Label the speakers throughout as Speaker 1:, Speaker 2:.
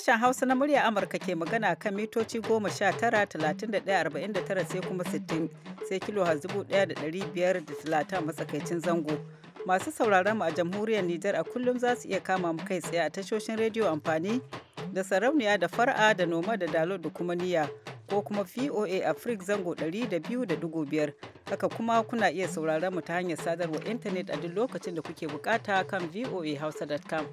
Speaker 1: Sashen Hausa na murya Amurka ke magana kan mitoci 19,31,49 sai kuma 60 sai kilo a matsakaicin zango. Masu sauraron mu a jamhuriyar Nijar a kullum za su iya kama mu kai tsaye a tashoshin rediyo amfani da sarauniya da far'a da noma da dalo da kuma niyya ko kuma VOA Africa zango da da biyu 200.5 haka kuma kuna iya sauraron mu ta hanyar sadarwa intanet a duk lokacin da kuke bukata kan voahausa.com.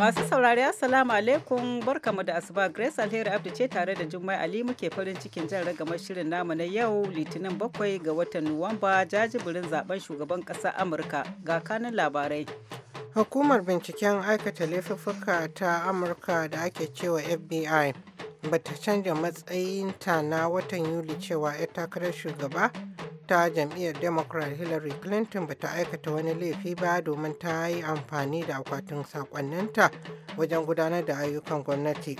Speaker 1: Masu saurari Assalamu alaikum barkamu da asuba Grace Alheri Abdu ce tare da Jummai Ali muke farin cikin jan ragamar shirin namu na yau Litinin bakwai ga watan Nuwamba jajibirin zaben shugaban kasa Amurka ga kanin labarai.
Speaker 2: Hukumar binciken aikata laifuffuka ta Amurka da ake cewa FBI bata canja matsayinta na watan Yuli cewa 'yar takarar shugaba ta jam'iyyar democrat hillary clinton bata aikata wani laifi ba domin ta yi amfani da akwatin sakonninta wajen gudanar da ayyukan gwamnati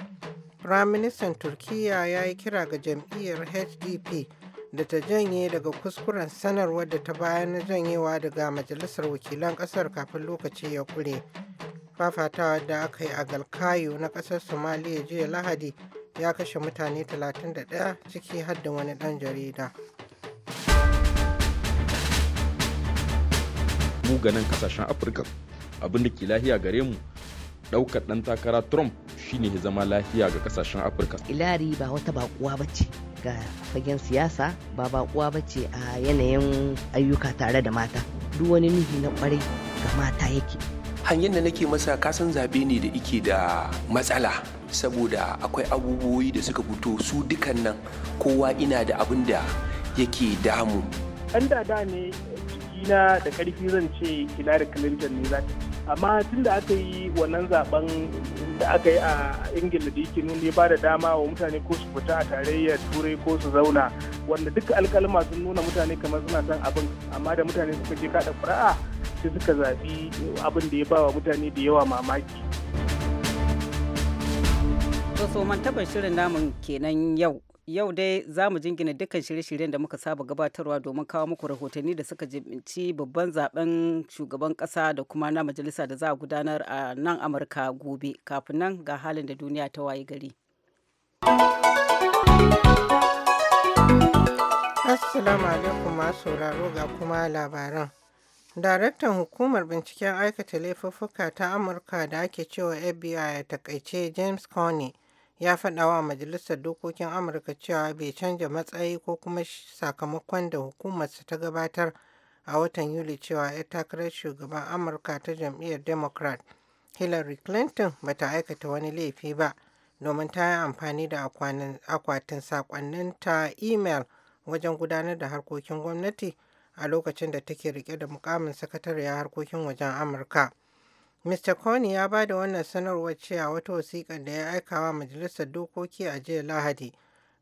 Speaker 2: firaministan turkiya ya yi kira ga jam'iyyar hdp da ta janye daga kuskuren sanarwar da ta bayar na janyewa daga majalisar wakilan kasar kafin lokaci ya kure fafatawa da aka yi a galkayo na kasar somaliya jiya lahadi ya kashe mutane 31 ciki har da wani dan jarida
Speaker 3: mu ganin kasashen afirka abin da ke lahiya gare mu daukar dan takara trump shine ya zama lahiya ga kasashen afirka
Speaker 4: ilari ba wata bakuwa ba ce ga fagen siyasa ba bakuwa ba ce a yanayin ayyuka tare da mata duk wani nuhi na kwarai ga mata yake
Speaker 5: hanyar da nake masa kasan zabe ne da ike da matsala saboda akwai abubuwoyi da suka fito su dukan nan kowa ina da abin da yake damu
Speaker 6: da da ne na da karfi zan ce hillary clinton ne za ta amma tun da aka yi wannan zaben da aka yi a ingila da yake nuna ba da dama wa mutane ko su fita a tarayyar turai ko su zauna wanda duka alkalma sun nuna mutane kamar suna son abin amma da mutane suka je kada fura'a sai suka zaɓi abin da ya ba wa mutane da yawa mamaki.
Speaker 1: so man taɓa shirin namun kenan yau Yau dai za mu jingina dukkan shirye-shiryen da muka saba gabatarwa domin kawo muku rahotanni da suka jibinci babban zaben shugaban kasa da kuma na majalisa da za a gudanar a nan Amurka gobe. Kafin nan ga halin da duniya ta waye gari.
Speaker 2: Assalamu alaikum masu sauraro ga kuma labaran. Daraktan hukumar binciken aikata laifuffuka ta Amurka da ake cewa FBI a takaice James Coney ya faɗa wa Majalisar Dokokin Amurka cewa bai canja matsayi ko kuma sakamakon da hukumarsa ta gabatar a watan Yuli cewa ya takarar shugaban Amurka ta jam'iyyar Democrat Hillary Clinton ba ta aikata wani laifi ba domin ta yi amfani da akwatin sakonnin ta imel wajen gudanar da harkokin gwamnati a lokacin da take rike da mukamin sakatariyar harkokin wajen Amurka. Mr. Kony ya ba da wannan sanarwar ce a wata wasiƙar da ya aika wa Majalisar Dokoki a jiya Lahadi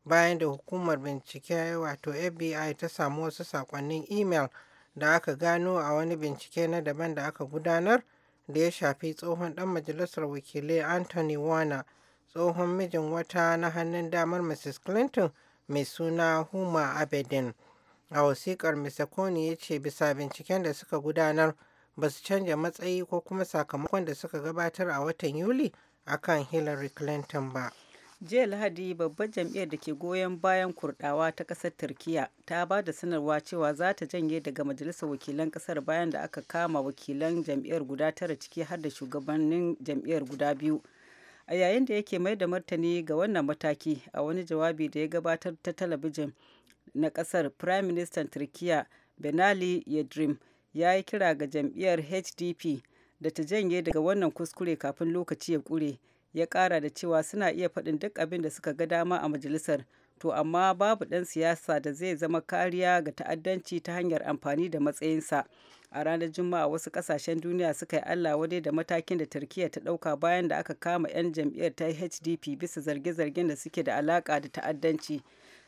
Speaker 2: bayan da hukumar bincike wato FBI ta samu wasu saƙonnin imel da aka gano a wani bincike na daban da aka gudanar da ya shafi tsohon ɗan majalisar wakilai Anthony Warner tsohon mijin wata na hannun damar Mrs. Clinton mai suna Huma Abedin. A wasiƙar Mr. Kony ya ce bisa binciken da suka gudanar ba su canja matsayi ko kuma sakamakon da suka gabatar a watan yuli a kan hillary clinton ba
Speaker 1: jiya lahadi babbar jam'iyyar da ke goyon bayan kurdawa ta kasar turkiya ta ba da sanarwa cewa za ta janye daga majalisar wakilan kasar bayan da aka kama wakilan jam'iyyar guda tara ciki har da shugabannin jam'iyyar guda biyu a yayin da yake mai da martani ga wannan mataki a wani jawabi da ya gabatar ta talabijin na kasar prime minister turkiya benali yadrim ya yi kira ga jam'iyyar hdp da ta janye daga wannan kuskure kafin lokaci ya kure ya kara da cewa suna iya faɗin duk abin da suka ga dama a majalisar to amma babu ɗan siyasa da zai zama kariya ga ta'addanci ta hanyar amfani da matsayinsa a ranar juma'a wasu ƙasashen duniya suka yi allah wadai da matakin da turkiyya ta ɗauka bayan da aka kama 'yan jam'iyyar ta hdp bisa zarge-zargen da suke da alaƙa da ta'addanci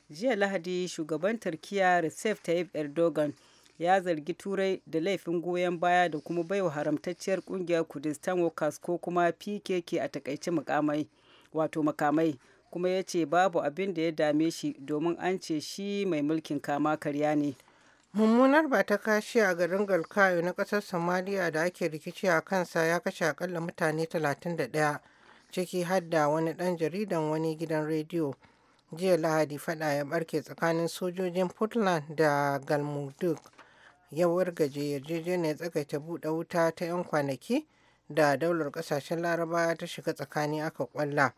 Speaker 1: jiya lahadi shugaban turkiyya recep tayyip erdogan ya zargi turai da laifin goyon baya da kuma baiwa haramtacciyar kungiyar kudistan workers ko kuma pkk a takaice mukamai wato makamai kuma ya ce babu abin da ya dame shi domin an ce shi mai mulkin kama karya ne
Speaker 2: mummunar ba ta kashi a garin galkayo na kasar somaliya da ake rikici a kansa ya kashe akalla mutane 31 ciki hadda wani dan jaridan wani gidan rediyo jiya lahadi fada ya barke tsakanin sojojin puntland da galmudug ya wargaje yarjejeniyar tsakaita buɗe wuta ta 'yan kwanaki da daular ƙasashen laraba ta shiga tsakani aka kwalla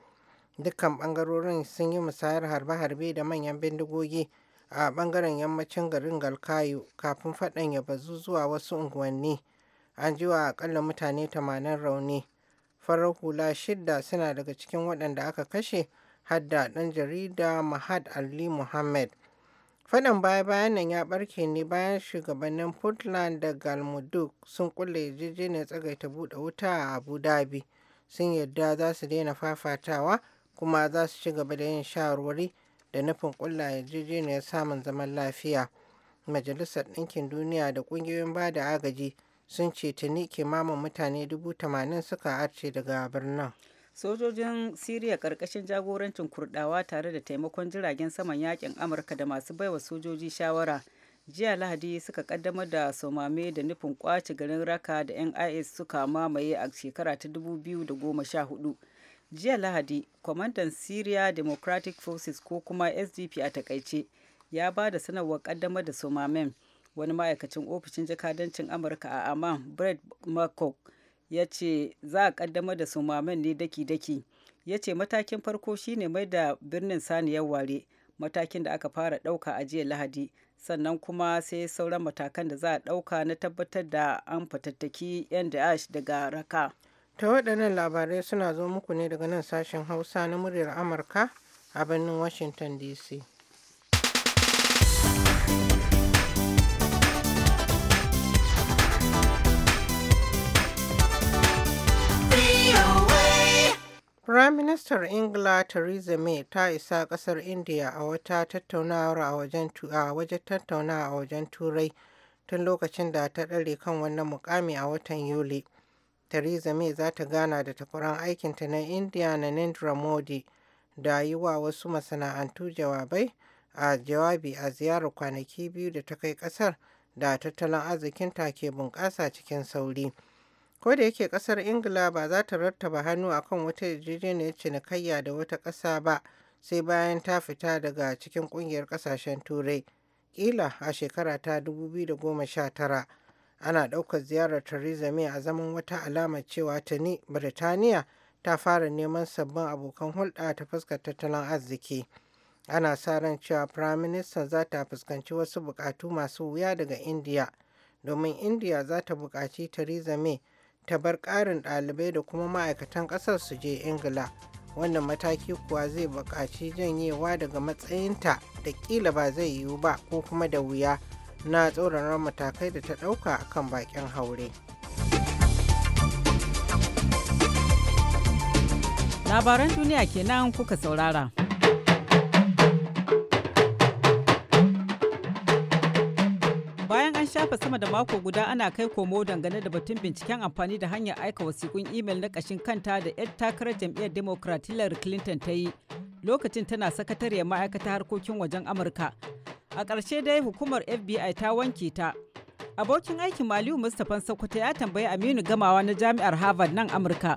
Speaker 2: dukkan ɓangarorin sun yi musayar harbe-harbe da manyan bindigogi a ɓangaren yammacin garin galkayu kafin faɗan ya bazu zuwa wasu unguwanni an ji wa akalla mutane 80 rauni farar hula shidda suna daga cikin waɗanda aka kashe hadda ɗan jarida mahad ali muhammad Faɗan baya-bayan nan ya ɓarke ne bayan shugabannin portland da Galmudug sun ƙulla yarjejeniyar tsagaita buɗe wuta a Abu Dhabi. Sun yarda za su daina fafatawa kuma za su ci gaba da yin shawarwari da nufin ƙulla yarjejeniyar samun zaman lafiya. Majalisar Ɗinkin Duniya da ƙungiyoyin ba da agaji sun ce tuni kimanin mutane dubu tamanin suka arce daga birnin.
Speaker 1: sojojin siriya karkashin jagorancin kurdawa tare da taimakon jiragen saman yakin amurka da masu baiwa sojoji shawara jiya lahadi suka kaddamar da somame da nufin kwace garin raka da nis suka mamaye a shekara ta 2014 jiya lahadi kwamandan syria democratic forces ko kuma sdp a takaice ya ba da sanarwar kaddamar da somamen wani ma'aikacin ofishin jakadancin amurka a amman brett mccock ya ce za a kaddamar da sumaman ne daki-daki ya ce matakin farko shine mai da birnin saniyar ware matakin da aka fara ɗauka a jiya lahadi sannan kuma sai sauran matakan da za a ɗauka na tabbatar da an fatattaki 'yan da'ash daga raka
Speaker 2: ta waɗannan labarai suna zo muku ne daga nan sashen hausa na muryar amurka a birnin washington dc Firaministar Ingila Theresa May ta isa ƙasar India a wata tattaunawa a wajen tattaunawa a wajen Turai tun lokacin da ta ɗare kan wannan mukami a watan Yuli. Theresa May za ta gana da takwaran aikinta na Indiya Narendra Modi da yi wa wasu masana'antu jawabai a jawabi a ziyarar kwanaki biyu da ta kai ƙasar da tattalin arzikinta ke bunƙasa cikin sauri. Ko da yake ƙasar Ingila ba za ta rattaba hannu akan wata yarjejeniyar cinikayya da wata ƙasa ba sai bayan ta fita daga cikin ƙungiyar ƙasashen Turai. Ƙila a shekara ta 2019 ana ɗaukar ziyarar Theresa May a zaman wata alamar cewa ta ni Birtaniya ta fara neman sabbin abokan hulɗa ta fuskar tattalin arziki. ana sa ran cewa prime minister za ta fuskanci wasu buƙatu masu wuya daga india domin india za ta buƙaci theresa may ta bar ƙarin ɗalibai da kuma ma'aikatan ƙasar su je ingila wannan mataki kuwa zai buƙaci janyewa daga matsayinta da ƙila ba zai yiwu ba ko kuma da wuya na tsoron matakai da ta ɗauka a kan bakin haure.
Speaker 1: labaran duniya kenan kuka saurara. shafa sama da mako guda ana kai komo dangane da batun binciken amfani da hanyar aika wasikun imel na kashin kanta da 'yar takarar jam'iyyar democrat hillary clinton ta yi lokacin tana sakatariyar ma'aikata harkokin wajen amurka a ƙarshe dai hukumar fbi ta wanke ta abokin aikin maliyu mustapha sakwata ya tambayi aminu gamawa na jami'ar harvard nan amurka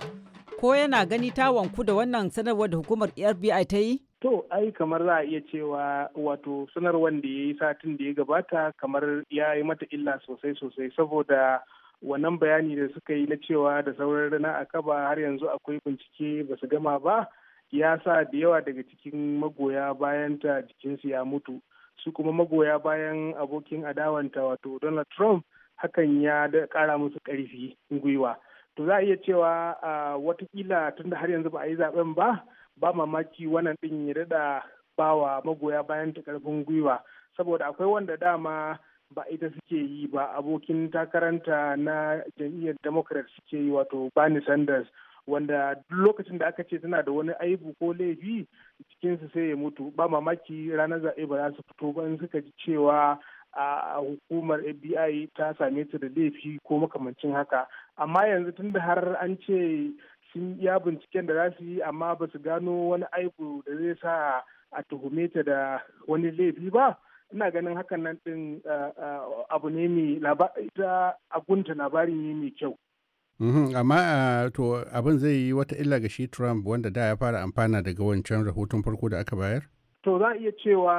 Speaker 1: ko yana gani ta wanku da wannan sanarwar da hukumar fbi ta yi
Speaker 6: To, ai kamar za a iya cewa wato sanarwar da ya yi satin da ya gabata kamar ya yi mata illa sosai sosai saboda wannan bayani da suka yi na cewa da sauran rana a kaba har yanzu akwai bincike ba su gama ba ya sa da yawa daga cikin magoya bayanta jikinsu ya mutu su kuma magoya bayan abokin adawanta wato Donald Trump hakan ya kara musu ƙarfi gwiwa. To za a iya cewa ah, watakila tunda har yanzu ba a yi zaben ba ba mamaki wannan ɗin ya daɗa ba magoya bayan ta ƙarfin gwiwa saboda akwai wanda dama ba ita suke yi ba abokin takaranta na jam'iyyar democrat suke yi wato bernie sanders wanda duk lokacin da aka ce tana da wani aibu ko laifi cikinsu sai ya mutu ba mamaki ranar zaɓe ba za su fito ba in suka ji cewa a hukumar fbi ta same ta da laifi ko makamancin haka amma yanzu tun da har an ce sun ya binciken da za su yi amma ba su gano wani aibu da zai sa a tuhume ta da wani laifi ba ina ganin hakan nan din abu ne mai ta agunta labari ne mai kyau
Speaker 7: mm-hmm. amma to abin zai yi wata illa ga shi trump wanda da ya fara amfana daga wancan rahoton farko da aka bayar
Speaker 6: to za a iya cewa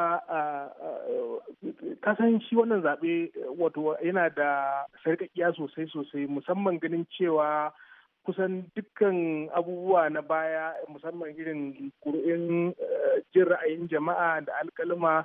Speaker 6: kasan shi wannan zaɓe wato yana da sarƙaƙiya sosai sosai musamman ganin cewa kusan dukkan abubuwa na baya musamman irin kuru'in eh, jin ra'ayin jama'a da alkalma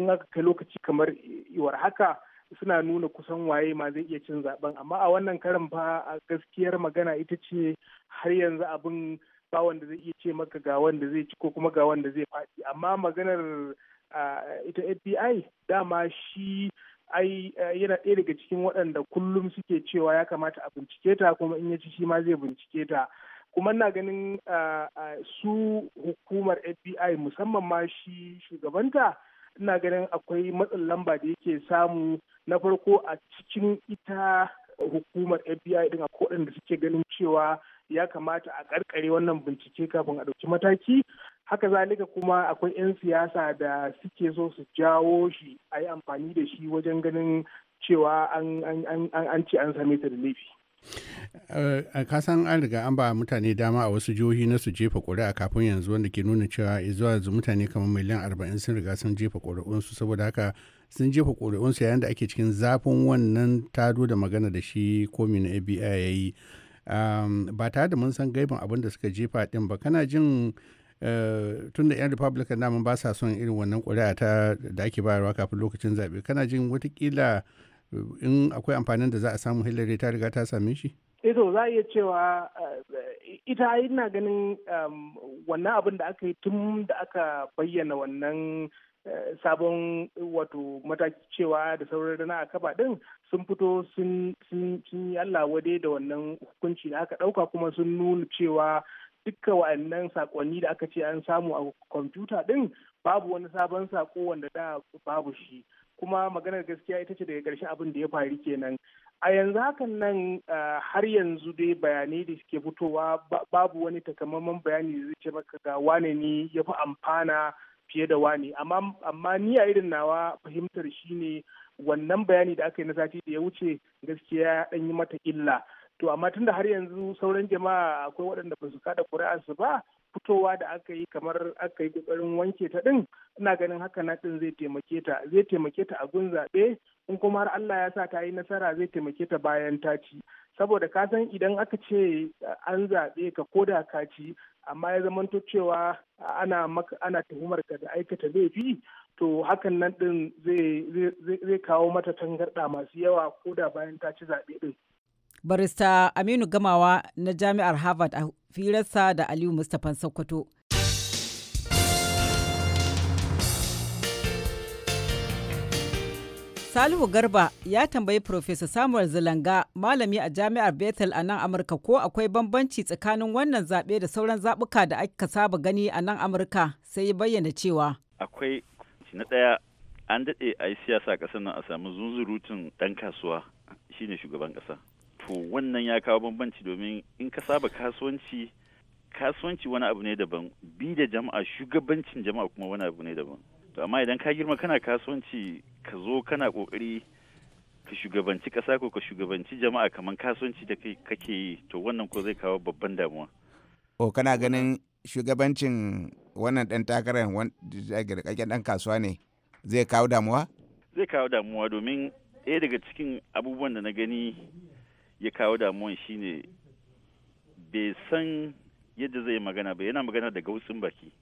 Speaker 6: in aka kai lokaci kamar iwar haka suna nuna kusan waye ma zai iya cin zaben amma a wannan karin fa a gaskiyar magana ita ce har yanzu abin ba wanda zai iya ce maka ga wanda zai ci ko kuma ga wanda zai faɗi amma maganar ah, ita fbi dama shi ai eh, yana ɗaya daga cikin waɗanda kullum suke cewa ya kamata a bincike ta kuma in ya ci shi ma zai bincike ta kuma na ganin eh, eh, su hukumar fbi musamman ma shi shugabanta ina ganin akwai matsin lamba da yake samu na farko a cikin ita hukumar fbi din akwai waɗanda suke ganin cewa ya kamata a karkare wannan bincike kafin a ɗauki mataki haka zalika kuma akwai 'yan siyasa da suke so su jawo shi a yi amfani da shi wajen ganin cewa an ce an same ta da laifi
Speaker 7: eh, ka san an riga an ba mutane dama a wasu jihohi na su jefa ƙuri'a kafin yanzu wanda ke nuna cewa zuwa yanzu mutane kamar miliyan arba'in sun riga sun jefa ƙuri'unsu saboda haka sun jefa ƙuri'unsu yayin da ake cikin zafin wannan tado da magana da shi komi na abi ya yi ba tare da mun san gaibin abin da suka jefa din ba kana jin Eh, tunda da 'yan republican naman ba sa son irin wannan ƙuri'a ta da ake bayarwa kafin lokacin zaɓe kana jin watakila eh, in akwai amfanin da za a samu hillary ta riga ta same shi
Speaker 6: ito eh za a iya cewa ita ina ganin um, wannan abin da aka yi tun da aka bayyana wannan sabon wato mataki cewa da sauran rana a kaba din sun fito sun yi Allah da wannan hukunci da aka ɗauka kuma sun nuna cewa dukka wa'annan sakonni da aka ce an samu a kwamfuta ɗin babu wani sabon sako wanda da babu shi kuma maganar gaskiya ita ce daga ƙarshe abin da ya faru kenan a yanzu hakan nan har yanzu dai bayanai da suke fitowa babu wani takamaiman bayani da zai ce maka ga wane ne ya fi amfana fiye da wane amma ni a irin nawa fahimtar shi ne wannan bayani da aka yi na sati da ya wuce gaskiya ɗan yi mata illa to amma tunda har yanzu sauran jama'a akwai waɗanda ba su kada su ba fitowa da aka yi kamar aka yi ƙoƙarin wanke ta ɗin ina ganin haka na ɗin zai taimake ta zai taimake ta a gun zaɓe in kuma har Allah ya sa ta yi nasara zai taimake ta bayan ta ci saboda ka san idan aka ce an zaɓe ka ko da ka ci amma ya zamanto cewa ana ana tuhumar ka da aikata laifi to hakan nan ɗin zai kawo mata tangarɗa masu yawa ko da bayan ta ci zaɓe ɗin.
Speaker 1: barista aminu gamawa na jami'ar harvard a firarsa da aliyu mustapha sokoto Salihu Garba ya tambayi Profesa Samuel Zulanga malami a jami'ar Bethel a nan Amurka ko akwai bambanci tsakanin wannan zaɓe da sauran zaɓuka da aka saba gani a nan Amurka sai ya bayyana cewa.
Speaker 8: Akwai na ɗaya an daɗe a yi siyasa ƙasar nan a samu zunzurutun ɗan kasuwa shine shugaban ƙasa. to wannan ya kawo bambanci domin in ka saba kasuwanci kasuwanci wani abu ne daban bi da jama'a shugabancin jama'a kuma wani abu ne daban to amma idan ka girma kana kasuwanci ka zo kana kokari ka shugabanci kasa ko ka shugabanci jama'a kamar kasuwanci da kake yi to wannan ko zai kawo babban damuwa
Speaker 6: o kana ganin shugabancin wannan dan takarar rikakken dan kasuwa ne zai kawo damuwa
Speaker 8: zai kawo damuwa domin ɗaya daga cikin abubuwan da na gani ya kawo damuwan shine bai san yadda zai magana ba yana magana da gautsin baki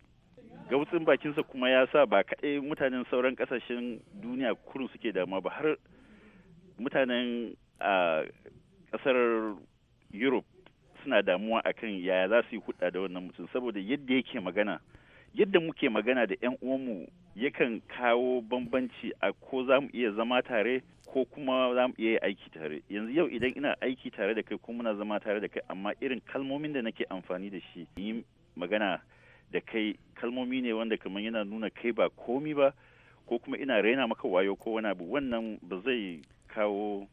Speaker 8: gautsin bakinsa kuma ya sa ba kaɗai mutanen sauran ƙasashen duniya kurun suke damuwa ba har mutanen a ƙasar europe suna damuwa akan yaya za su yi hudda da wannan mutum saboda yadda yake magana yadda muke magana da 'yan uwanmu yakan kawo bambanci a ko za mu iya zama tare ko kuma za mu iya aiki tare yanzu yau idan ina aiki tare da kai ko muna zama tare da kai amma irin kalmomin da nake amfani da shi yi magana da kai kalmomi ne wanda kamar yana nuna kai ba komi ba ko kuma ina raina maka wayo ko wani abu wannan ba zai kawo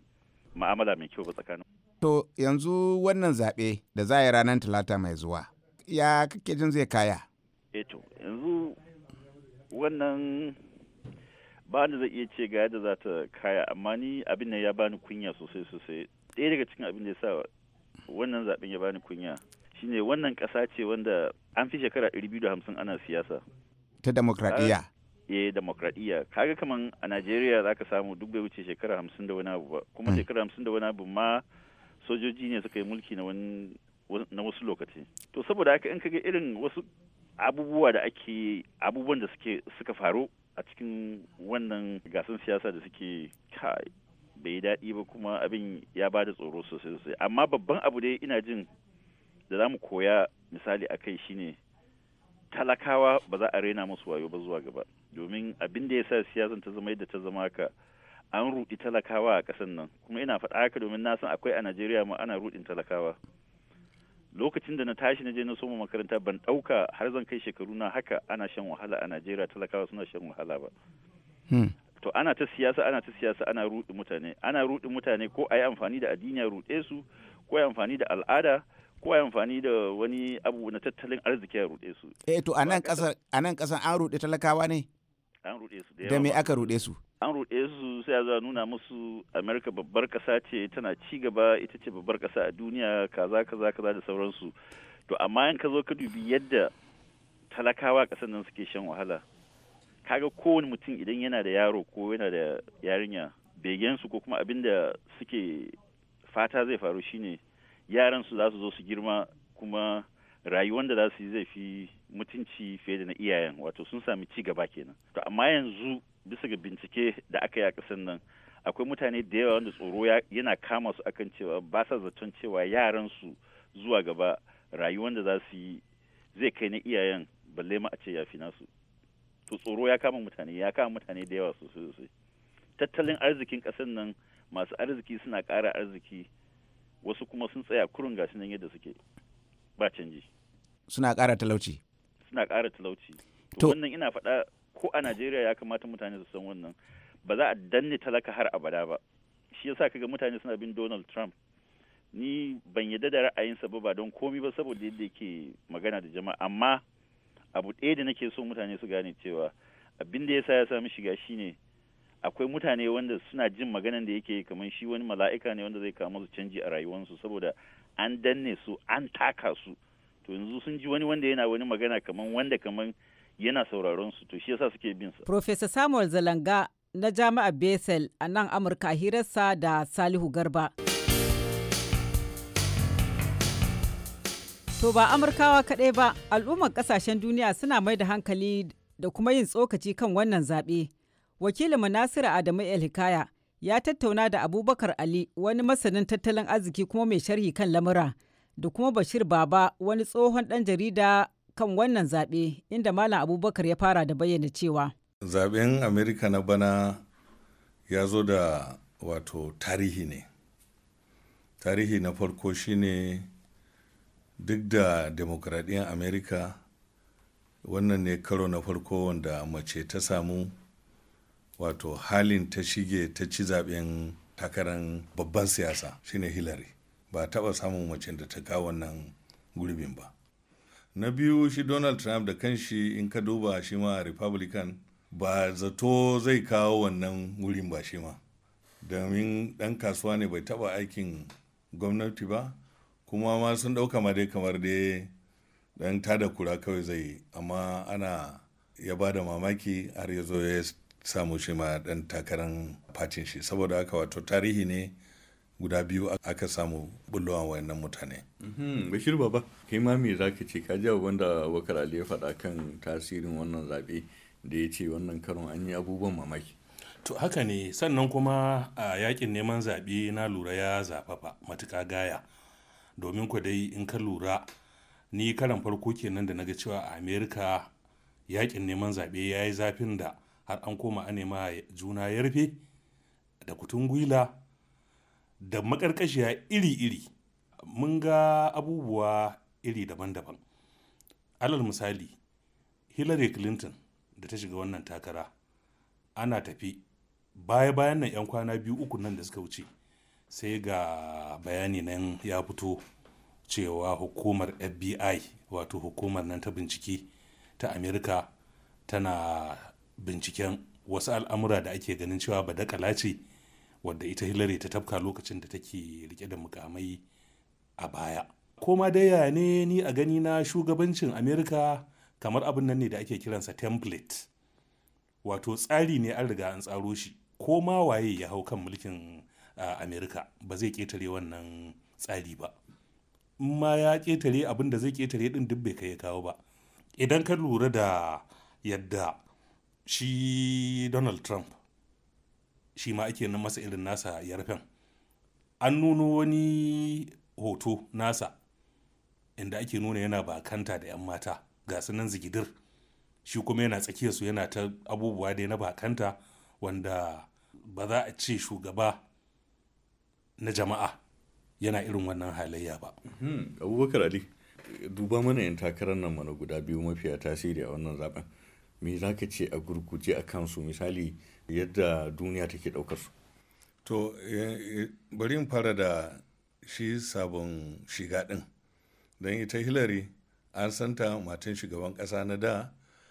Speaker 8: ma'amala mai kyau ba tsakanin
Speaker 6: to yanzu wannan zaɓe da za a yi ranar talata mai zuwa ya kake jin zai
Speaker 8: kaya eto eh yanzu wannan ba ni zai iya ce ga yadda za ta kaya amma ni abin nan ya bani kunya sosai sosai ɗaya daga cikin abin da ya sa wannan zaɓen ya bani kunya shine wannan ƙasa ce wanda an fi shekara ɗari biyu da hamsin ana siyasa
Speaker 6: ta demokradiyya ah,
Speaker 8: eh demokradiyya kaga kaman a Najeriya za ka samu duk bai wuce shekara hamsin da wani abu ba kuma hmm. shekara hamsin da wani abu ma sojoji ne suka yi mulki na wani na wasu lokaci to saboda haka in kaga irin wasu abubuwa da ake abubuwan da suke suka faru a cikin wannan gasar siyasa da suke kai bai daɗi ba kuma abin ya ba da tsoro sosai sosai amma babban abu dai ina jin da za mu koya misali a kai shine talakawa ba za a raina musu wayo ba zuwa gaba domin abin da ya sa siyasan ta zama yadda ta zama haka an ruɗi talakawa a kasan nan kuma ina faɗa haka domin na san akwai a najeriya ma ana ruɗin talakawa lokacin da na tashi na je na soma makaranta ban ɗauka har zan kai shekaru na haka ana shan wahala a najeriya talakawa suna shan wahala ba hmm. to ana ta siyasa ana ta siyasa ana ruɗe mutane ana ruɗe mutane ko a yi amfani da addini a ruɗe su ko a yi amfani da al'ada ko a yi amfani da wani abu na tattalin arziki a ruɗe su eh to
Speaker 6: a nan ƙasar an ruɗe talakawa ne
Speaker 8: an ruɗe su da yawa me
Speaker 6: aka ruɗe su
Speaker 8: an ruɗe su sai za nuna musu amerika babbar ƙasa ce tana ci gaba ita ce babbar ƙasa a duniya kaza kaza kaza da sauransu to amma in ka zo ka dubi yadda talakawa ƙasar nan suke shan wahala kaga kowane mutum idan yana da yaro ko yana da yarinya begen su ko kuma abin da suke fata zai faru shine yaran su za su zo su girma kuma rayuwar da za su yi zai fi mutunci fiye da na iyayen wato sun sami ci gaba kenan to amma yanzu bisa ga bincike da aka yi a ƙasar nan akwai mutane da yawa wanda tsoro yana kama su akan cewa ba sa zaton cewa yaran su zuwa gaba rayuwar da za su yi zai kai na iyayen balle ma a ce ya fi nasu to tsoro ya kama mutane ya kama mutane da yawa sosai sosai tattalin arzikin ƙasar nan masu arziki suna kara arziki wasu kuma sun tsaya kurun gashi nan yadda suke ba canji
Speaker 6: suna ƙara talauci
Speaker 8: suna ƙara talauci to wannan ina faɗa ko a Najeriya ya kamata mutane su san wannan ba za a danne talaka har abada ba shi yasa kaga mutane suna bin Donald Trump ni ban yadda da ra'ayinsa ba ba don komi ba saboda yadda yake magana da jama'a amma abu ɗaya da nake so mutane su gane cewa abin da yasa ya sami shiga shine akwai mutane wanda suna jin maganan da yake kamar shi wani mala'ika ne wanda zai kawo musu canji a rayuwarsu saboda an danne su an taka su to yanzu sun ji wani wanda yana wani magana kaman wanda kaman yana sauraron su to shi yasa suke bin sa
Speaker 1: Professor Samuel Zalanga na Jami'ar Basel a nan Amurka a hirarsa da Salihu Garba. To ba Amurkawa kaɗai ba, al'ummar ƙasashen duniya suna mai da hankali da kuma yin tsokaci kan wannan zaɓe. Wakilinmu Nasiru Adamu El Hikaya ya tattauna da Abubakar Ali, wani masanin tattalin arziki kuma mai sharhi kan lamura. da kuma Bashir Baba wani tsohon ɗan jarida kan wannan zaɓe inda Malam Abubakar ya fara da bayyana cewa.
Speaker 7: Zaɓen Amerika na bana ya zo da wato tarihi ne. Tarihi na farko shine duk da demokradiyyar Amerika wannan ne karo na farko wanda mace ta samu wato halin ta shige ta ci zaɓen takarar babban siyasa shine Hillary. ba taɓa samun macen da ta kawo wannan gurbin ba na biyu shi donald trump da kanshi in ka duba shi ma republican ba zato zai kawo wannan wurin ba shi ma domin ɗan kasuwa ne bai taɓa aikin gwamnati ba kuma ma sun ɗauka ma dai kamar dai ɗan tada kura kawai zai yi amma ana ya ba da mamaki har ya zo ya samu shi ma ɗan takarar fatin shi saboda haka wato tarihi ne guda biyu aka samu bulowa wayannan mutane. Mhm, Bashir Baba, kai ma me za ka ce ka ji abin da Wakar Ali ya
Speaker 9: faɗa kan tasirin wannan zaɓe da ya ce wannan karon an yi abubuwan mamaki. To haka ne sannan kuma a yakin neman zaɓe na lura ya zafafa matuƙa gaya domin ku dai in ka lura ni karan farko kenan da naga cewa a Amerika yakin neman zaɓe ya yi zafin da har an koma a nema juna rufe da kutun gwila da makarkashiya iri-iri mun ga abubuwa iri daban-daban alal misali hillary clinton da ta shiga wannan takara ana tafi baya-bayan nan 'yan kwana biyu uku nan da suka wuce sai ga bayani nan ya fito cewa hukumar fbi wato hukumar nan ta bincike ta amerika tana binciken wasu al'amura da ake ganin cewa badakala ce wanda ita hillary ta tafka lokacin da take rike da mukamai a baya koma dai ne ni a gani na shugabancin amerika kamar abin nan ne da ake kiransa template wato tsari ne an riga an tsaro shi ko ma waye ya hau kan mulkin amerika ba zai ketare wannan tsari ba ma ya ketare abin da zai ketare din duk bai kai ya kawo ba idan ka lura da yadda shi donald trump shi ma ake nan masa irin nasa yarfen an nuno wani hoto nasa inda ake nuna yana bakanta da 'yan mata ga su nan zigidir shi kuma yana tsakiyarsu yana ta abubuwa dai na bakanta wanda ba za a ce shugaba na jama'a yana irin wannan halayya ba hmm, abubakar ali duba mana yin takarar nan mana guda biyu
Speaker 7: mafiya tasiri a wannan zaben me za ka ce a gurguje a kansu misali yadda duniya take ɗaukar su to eh, eh, bari in fara da shi sabon shiga ɗin don ita hillary an santa matan shugaban ƙasa na da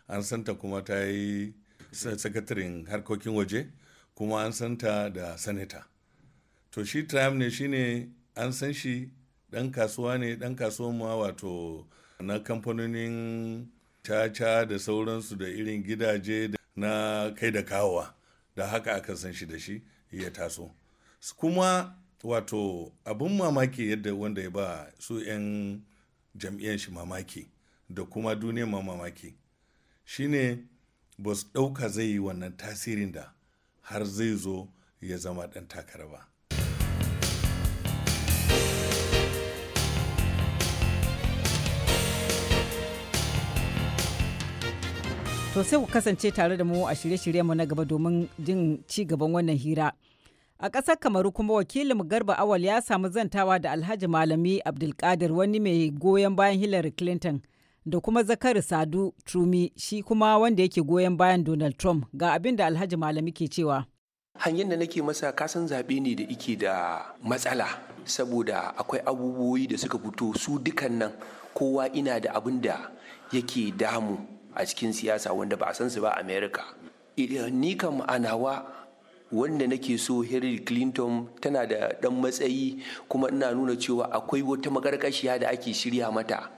Speaker 7: an santa kuma ta yi sakatarin harkokin waje kuma an santa da sanata to shi trump ne shi ne an san shi ɗan kasuwa ne ɗan kasuwa ma wato na kamfanonin caca da sauransu da irin gidaje na kai da kawowa da haka aka san shi da shi ya taso kuma wato abin mamaki yadda wanda ya ba su 'yan jam'iyyar shi mamaki da kuma duniya ma mamaki shine ba su ɗauka zai yi wannan tasirin da har zai zo ya zama ɗan takara ba
Speaker 1: To sai ku kasance tare da mu a shirye-shiryenmu na gaba domin jin ci gaban wannan hira. A ƙasar Kamaru kuma wakilin Garba Awal ya samu zantawa da Alhaji Malami Abdulkadir wani mai goyon bayan Hillary Clinton da kuma Zakari Sadu Trumi shi kuma wanda yake goyon bayan Donald Trump ga abin da Alhaji Malami ke cewa.
Speaker 5: Hanyar da nake masa kasan zaɓe ne da ike da matsala saboda akwai abubuwoyi da suka fito su dukan nan kowa ina da abin da yake damu a cikin siyasa wanda ba a san su ba america ni kam a nawa wanda nake so hillary clinton tana da dan matsayi kuma ina nuna cewa akwai wata makarkashiya da ake shirya mata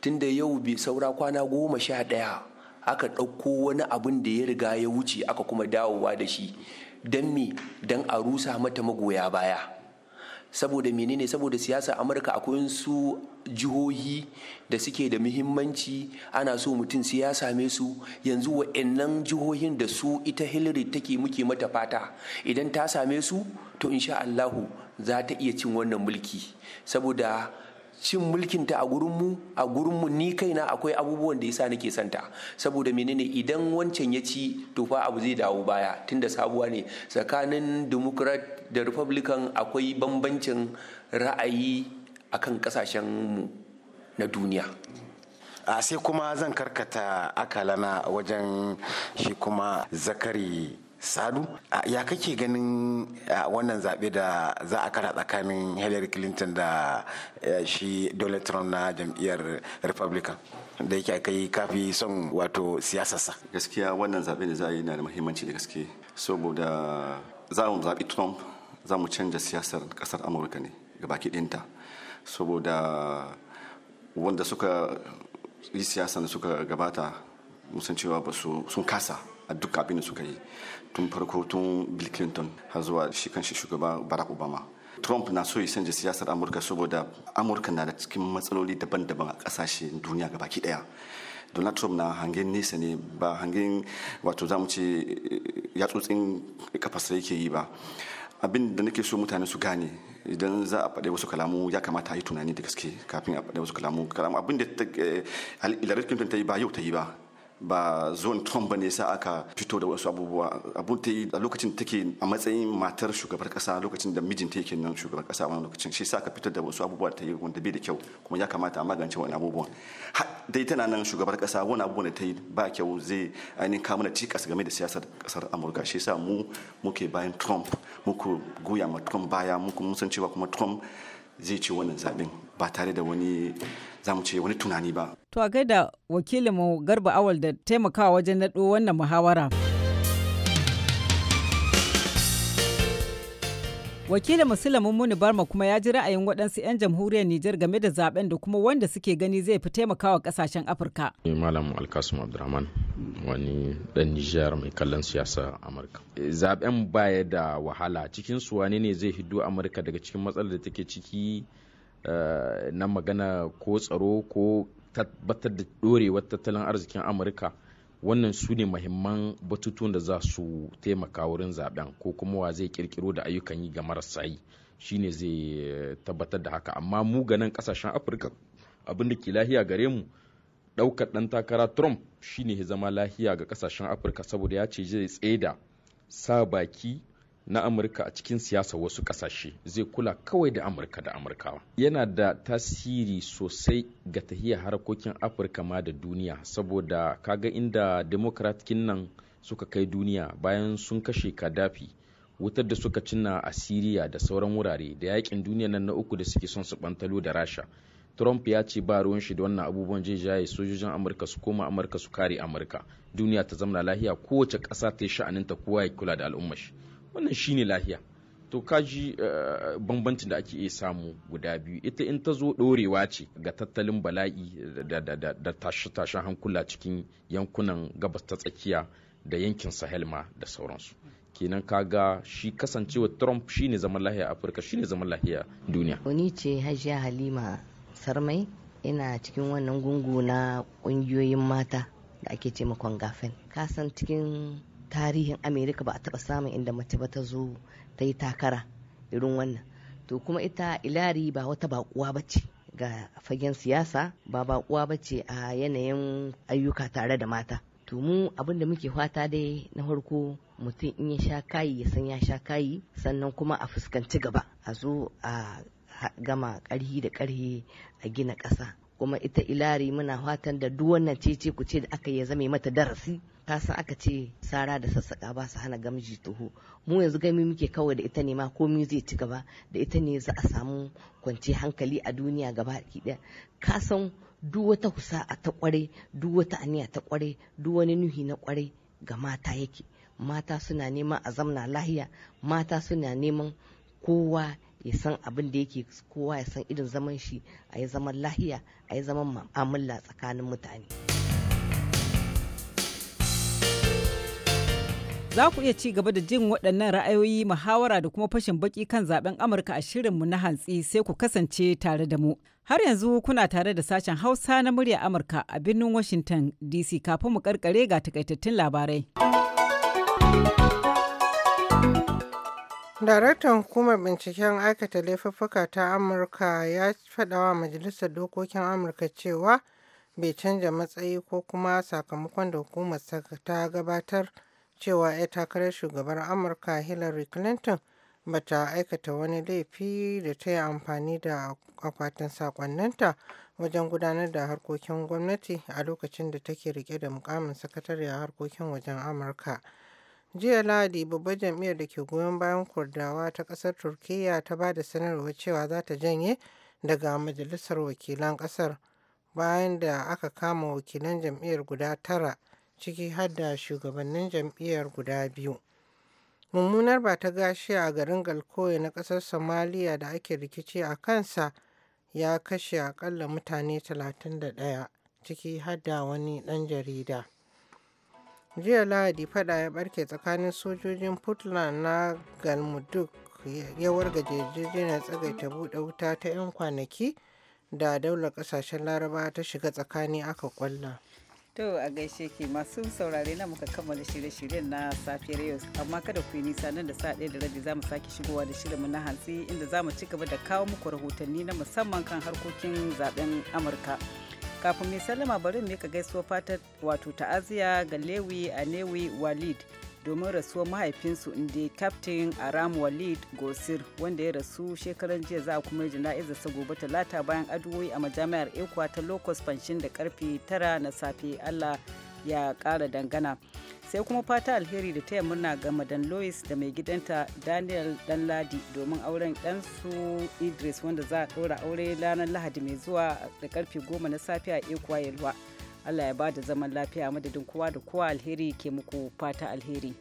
Speaker 5: tunda yau bai saura kwana goma sha ɗaya aka ɗauko wani abun da ya riga ya wuce aka kuma dawowa da shi don me don a rusa mata magoya baya saboda menene saboda siyasa amurka akwai su jihohi da suke da muhimmanci ana so mutum sai ya same su yanzu wa'annan jihohin da su ita hillary take muke mata fata idan ta same su to insha allahu za ta iya cin wannan mulki saboda cin mulkinta a gurinmu a gurinmu ni kaina akwai abubuwan da yasa nake santa saboda menene idan wancan ya ci to fa abu zai dawo baya tunda sabuwa ne tsakanin democrat da republican akwai bambancin ra'ayi akan kasashen mu na duniya a sai kuma zan karkata akalana wajen shi kuma zakari sadu
Speaker 10: ya kake ganin wannan zaɓe da za a kara tsakanin hillary clinton da e, shi donald trump na jam'iyyar republican da yake kai kafi son wato siyasarsa gaskiya wannan zaɓe da za a yi na da muhimmanci da gaske saboda za mu zaɓi trump za mu canja siyasar ƙasar amurka ne gabaki ɗinta saboda wanda suka yi siyasa da suka gabata musan cewa ba su sun kasa a duk abin da suka yi tun farko tun bill clinton har zuwa shi kanshi shugaba barack obama trump na so ya canja siyasar amurka saboda amurka na da cikin matsaloli daban-daban a kasashen duniya gabaki daya donald trump na hangen nesa ne ba hangen wato za mu ce eh, yatsotsin kafasa yake yi ba abin da nake so mutane su gane idan za a faɗi wasu kalamu ya kamata a yi tunani da gaske kafin a faɗi wasu kalamu kalamu abin da eh, ta yi ba yau ta yi ba ba zuwan Trump ba ne sa aka fito da wasu abubuwa abun ta yi a lokacin take a matsayin matar shugabar kasa lokacin da mijin ta yake nan shugabar kasa wani lokacin shi sa aka fito da wasu abubuwa ta yi wanda bai da kyau kuma ya kamata a magance wani abubuwan dai tana nan shugabar kasa wani abubuwan da ta yi ba kyau zai ainihin kamuna cikas game da siyasar kasar Amurka shi sa mu muke bayan Trump muku goya ma Trump baya muku mun san cewa kuma Trump zai ci wannan zaɓen ba tare da wani za ce wani tunani ba.
Speaker 1: To a gaida wakilinmu Garba Awal da taimakawa wajen naɗo wannan muhawara. Wakilin Musulmin Muni Barma kuma ya ji ra'ayin waɗansu 'yan jamhuriyar Nijar game da zaben da kuma wanda suke gani zai fi taimakawa kasashen Afirka. Malam
Speaker 3: Alkasum Abdurrahman wani ɗan Nijar mai kallon siyasa Amurka. Eh, zaben baya da wahala cikin su wane ne zai hiddo Amurka daga cikin matsalar da take ciki Eh, na magana ko tsaro ko tabbatar da dorewar tattalin arzikin amurka wannan su ne mahimman batutuwan da za su taimaka wurin zaɓen ko kuma wa zai kirkiro da ayyukan yi ga marasa yi shine zai eh, tabbatar da haka amma mu ganin kasashen afirka abin da ke lahiya gare mu ɗaukar ɗan takara trump shine zama lahiya ga kasashen afirka saboda ya ce zai tsaida sa baki na amurka a cikin siyasa wasu kasashe zai kula kawai da amurka da amurkawa yana da tasiri sosai ga tahiyar harkokin afirka ma da duniya saboda kaga inda demokratkin nan suka kai duniya bayan sun kashe kadafi wutar da suka cinna a siriya da sauran wurare da yakin duniya nan na uku da suke son su bantalo da rasha trump ya ce ba ruwan shi da wannan abubuwan zai jaye sojojin amurka su koma amurka su kare amurka duniya ta zamana lahiya kowace ƙasa ta yi sha'aninta kowa ya kula da al'ummar shi wannan shine lahiya to kaji eh, bambancin da ake iya samu guda biyu ita in ta zo ɗorewa ce ga tattalin bala'i da tashe-tashen hankula cikin yankunan gabas ta tsakiya da yankin sahel ma da sauransu kenan kaga shi kasancewa trump shine zaman lahiya afirka shine zaman lahiya duniya
Speaker 4: wani ce hajiya halima sarmai ina cikin wannan gungu na ƙungiyoyin mata da ake ce makon gafen kasan cikin tarihin amerika ba a taba samun inda mace ba ta zo ta yi takara irin wannan to kuma ita ilari ba wata bakuwa ba ce ga fagen siyasa ba bakuwa ba ce a yanayin ayyuka tare da mata to mu abin da muke fata dai na farko mutum in ya sha kayi ya san ya sha kayi sannan kuma a fuskanci gaba a zo a gama karhi da karhi a gina ƙasa kuma ita ilari muna fatan da duk wannan cece ku ce da aka yi zame mata darasi ka san aka ce sara da sassaka ba su hana gamji tuho. mu yanzu gami muke kawai da ita ne ma komi zai ci gaba da ita ne za a samu kwanci hankali a duniya gaba ɗaya ka san duk wata a ta kware duk wata aniya ta kware duk wani nuhi na kware ga mata yake mata suna neman a zamna lahiya mata suna neman kowa ya san abin da yake kowa ya san irin zaman shi a yi zaman lahiya a yi zaman ma'amala tsakanin mutane. Za ku iya ci gaba da jin waɗannan
Speaker 1: ra'ayoyi muhawara da kuma fashin baki kan zaben Amurka a shirinmu na hantsi sai ku kasance tare da mu. Har yanzu kuna tare da sashen Hausa na murya Amurka a birnin Washington DC kafin mu karkare ga takaitattun labarai.
Speaker 2: Daraktan Hukumar Binciken Aikata Laifuffuka ta Amurka ya faɗawa Majalisar Dokokin Amurka cewa bai canja matsayi ko kuma sakamakon da hukumar ta gabatar cewa 'ya takarar shugabar Amurka Hillary Clinton bata aikata wani laifi da ta yi amfani da akwatin sakonninta wajen gudanar da harkokin gwamnati a lokacin da take rike da mukamin sakatare a harkokin wajen Amurka. Jiya ladi babbar jam'iyyar da ke goyon bayan Kurdawa ta kasar Turkiyya ta ba da sanarwar cewa za ta janye daga Majalisar Wakilan kasar bayan da aka kama wakilan jam'iyyar guda tara ciki har shugabannin jam'iyyar guda biyu. Mummunar ba ta gashi a garin Galkoye na kasar Somaliya da ake rikici a kansa ya kashe akalla mutane 31 ciki har wani dan jarida. jiya lahadi fada ya barke tsakanin sojojin puntland na galmudug ya wargaje tsagaita buɗe wuta ta 'yan kwanaki da daular kasashen laraba ta shiga tsakani aka kwalla.
Speaker 1: To a gaishe ke masu saurare na muka kammala shirye-shiryen na safiyar yau amma kada ku yi nisa nan da sa'a da rabi za mu sake shigowa da shirinmu na hantsi inda za mu ci gaba da kawo muku rahotanni na musamman kan harkokin zaben Amurka. kafin mai sallama bari ka gaisuwa fatar wato ta'aziya ga lewi a lewi walid domin rasuwar mahaifinsu inda captain aram walid gosir wanda ya rasu shekaran jiya za a kuma jana'izar sa gobe talata bayan addu'o'i a majami'ar ekwa ta locust fanshin da karfe 9 na safe allah ya kara dangana sai kuma fata alheri da taya murna ga madan lois da mai gidanta daniel danladi domin auren ɗansu idris wanda za a ɗora aure ranar lahadi mai zuwa da karfe goma na safe a ekuwa yalwa allah ya ba da zaman lafiya madadin kowa da kowa alheri ke muku fata alheri.